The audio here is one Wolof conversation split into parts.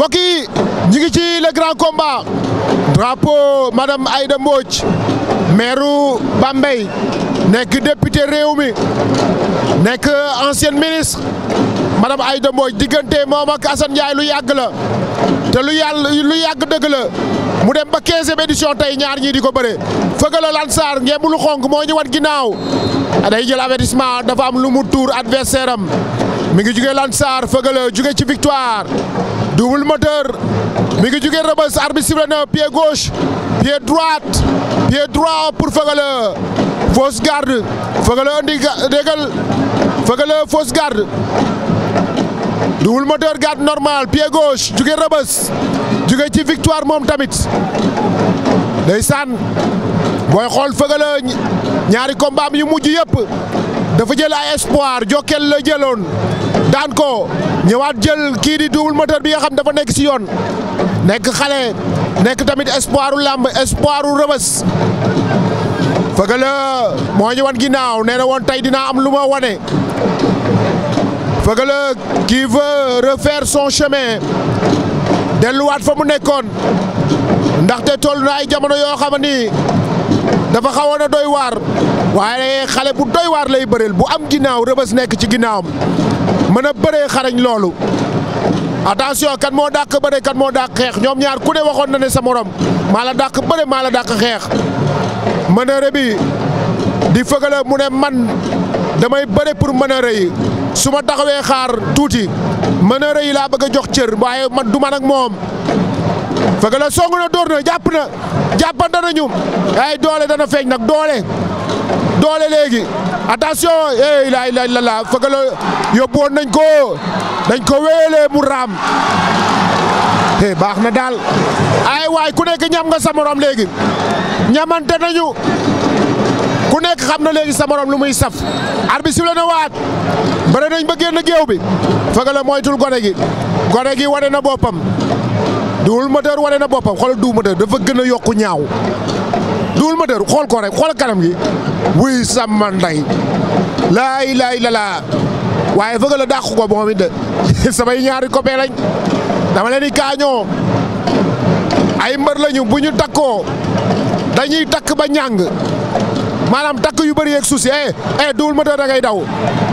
mbokk yi ngi ci le grand combat drapeau madame Aïda Mbodj maire Bambey nekk député réew mi nekk ancienne ministre madame Aïda Mbodj diggante moom ak Assane Ndiaye lu yàgg la te lu yàlla lu yàgg dëgg la mu dem ba 15e tey ñaar ñii di ko bëre Feugeula Lansar ngeen lu xonk moo ñu wan ginnaaw day jël avertissement dafa am lu mu tuur adversaire am mi ngi jugee Lansar Feugeula jóge ci victoire. double moteur mi ngi jugee Rebeuss arbitre sifflé na pied gauche pied droite pied droit pour Feugeleu fausse garde Feugeleu andi garde double moteur normal pied gauche jugee Rebeuss jugee ci victoire moom tamit day ndeysaan booy xool Feugeleu ñaari combat yu mujj yëpp dafa jël ay espoir Jokal la jëloon. daan ko ñëwaat jël kii di double moteur bi nga xam dafa nekk si yoon nekk xale nekk tamit espoiru làmb espoiru rëbës Feugeuleu moo ñu wan ginnaaw nee na woon tey dinaa am lu ma wane Feugeuleu qui veut refaire son chemin delluwaat fa mu nekkoon ndaxte toll na ay jamono yoo xam ni dafa xawoon a doy waar waaye xale bu doy waar lay bëreel bu am ginnaaw rëbës nekk ci ginnaawam. mën a bëree xarañ loolu attention kan moo dàq bëre kan moo dàq xeex ñoom ñaar ku ne waxoon na ne sa morom maa la dàq bëre maa la dàq xeex mënëre bi di fëgala mu ne man damay bëre pour mënëre yi su ma taxawee xaar tuuti mënëre yi laa bëgg jox cër waaye man du man ak moom fëgala song na dóor na jàpp na jàppan dana nañu ay doole dana feeñ nag doole doole léegi attention eh la ilaha illallah fëgala yóbbuwoon nañ ko dañ ko wéyelee mu raam eh baax na daal ay waay ku nekk ñam nga sa morom léegi ñamante nañu ku nekk xam na léegi sa morom lu muy saf arbitre sifflé na waat bëre nañ ba génn géew bi fëgala moytul gone gi gone gi wane na boppam duul moteur wane na boppam xoolal duul moteur dafa gën a yokku ñaaw Double Moteur xool ko rek xool kanam gi wuy sama nday laa ilaaha illallaah waaye fëgg la dàq ko moom it de samay ñaari copain lañ dama leen di kaañoo ay mbër lañu bu ñu takkoo dañuy takk ba ñàng maanaam takk yu bëri yeeg suuf si eh eh Double Moteur da ngay daw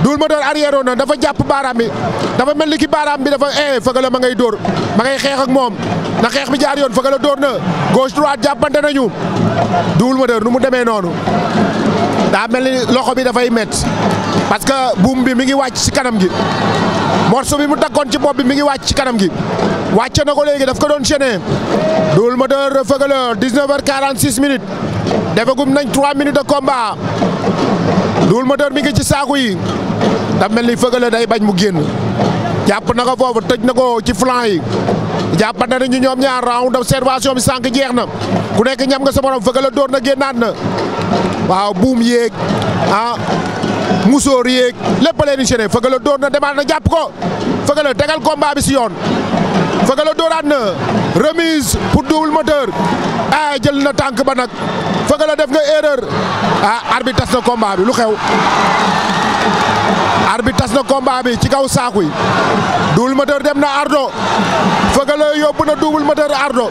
Double Moteur arrière na dafa jàpp baaraam bi dafa mel ni ki baaraam bi dafa eh Feugeuleu ma ngay door ma ngay xeex ak moom na xeex bi jaar yoon Feugeuleu door na gauche droite jàppante nañu Double Moteur nu mu demee noonu daa mel ni loxo bi dafay métti parce que buum bi mi ngi wàcc ci kanam gi morceau bi mu takkoon ci bopp bi mi ngi wàcc ci kanam gi wàcc na ko léegi daf ko doon chaîner Double Moteur Feugeuleu 19h46 minutes. defagum nañ 3 minutes de combat Double Moteur mi ngi ci saaku yi da mel ni fëgale day bañ mu génn jàpp na ko foofu tëj na ko ci flan yi jàpp na ñu ñoom ñaar round d'observation bi sànq jeex na ku nekk ñam nga sa morom fëgale door na génnaat na waaw buum yeeg ah musóor yeeg lépp a leen di gêné fëgale door na demaat na jàpp ko fëgale tegal combat bi si yoon. Feugeuleu dooraat na remise pour double moteur ah, jël na tànk ba nag Feugeuleu def nga erreur ah arbitre tas na combat bi lu xew. arbitre tas na combat ci kaw saaku yi double moteur dem na ardo Feugeuleu yóbbu na double moteur ardo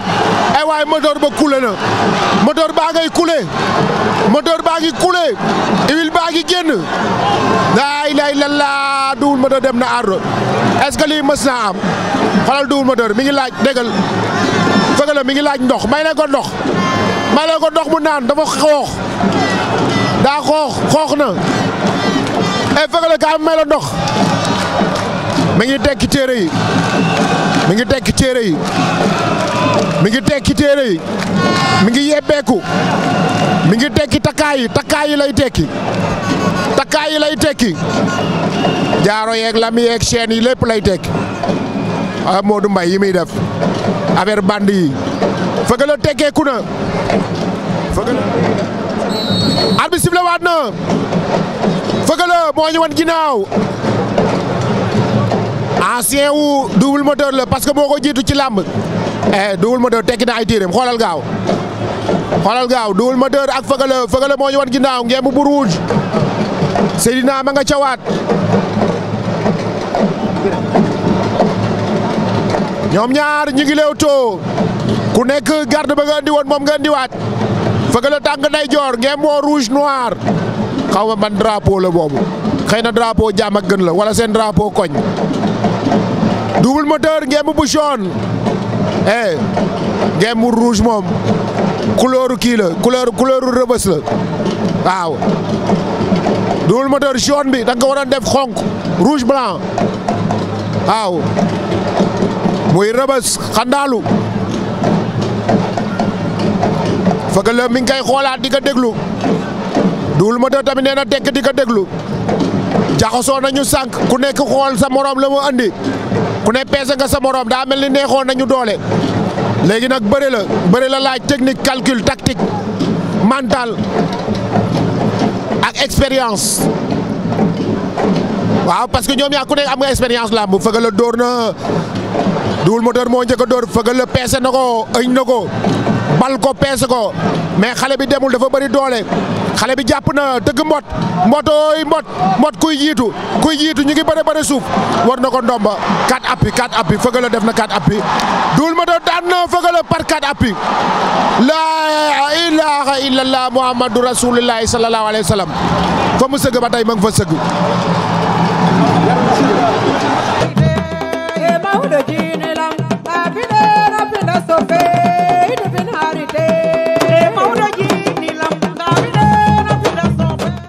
ay eh waay moteur ba kule na moteur baa ngay kule moteur baa ngi kule huile baa ngi génn la ilaha illallah ah Double Moteur dem na ardo est-ce que lii mës naa am xoolal Double Moteur mi ngi laaj déggal fëgala mi ngi laaj ndox may leen ko ndox may leen ndox mu naan dafa xoox daa xoox xoox na e eh, fëgala ka am may la ndox mi ngi tekki téere yi mi ngi tekki téere yi mi ngi tekki téere yi mi ngi yebbeeku mi ngi tekki takkaay yi yi lay tekki takkaay yi lay tekki jaaro yeeg lam yeeg chaîne yi lépp lay tekki a ah, Modou Mbaye yi muy def affaire band yi fëgg la tekkeeku na fëgg la arbitre bi sifle waat na fëgg la moo ñu ancien wu double moteur la parce que boo ko jiitu ci làmb eh double moteur tekki na ay tiiram xoolal gaaw xoolal gaaw double moteur ak fëgala fëgala moo ñu wan ginnaaw ngemb bu rouge Seydina ma nga cawaat ñoom ñaar ñu ngi ku nekk garde ba nga woon moom nga andiwaat fëgala tàng nay joor ngemb moo rouge noir xaw ma man drapeau la boobu xëy na drapeau jaam ak gën la wala seen drapeau koñ double moteur ngemb bu jaune eh ngemb bu rouge moom couleur kii la couleur couleur rëbës la waaw double moteur jaune bi da nga ko waroon def xonk rouge blanc waaw muy rëbës xandaalu fëgg la mi ngi koy xoolaat di ko déglu double moteur tamit nee na tekk di ko déglu jaxasoo nañu sànq ku nekk xool sa moroom la mu andi ku ne peese nga sa morom daa mel ni neexoon nañu doole léegi nag bëri la bëri la laaj technique calcul tactique mental ak expérience. waaw parce que ñoom yaa ku nekk am nga expérience làmb fëgal a dóor na Double Moteur moo njëkk a dóor fëgal a peese na ko ëñ na ko bal ko peese ko mais xale bi demul dafa bëri doole xale bi jàpp na dëgg mbot mbotooy mbot mbot kuy jiitu kuy jiitu ñu ngi bëre bëre suuf war na ko ndomba quatre appuis quatre appuis fëgal def na quatre appi Double Moteur daan na par quatre appuis laa ilaha illallah muhammadu rasulullahi sallallahu alayhi wa sallam mu sëgg ba tey ma ngi fa sëgg Yeah,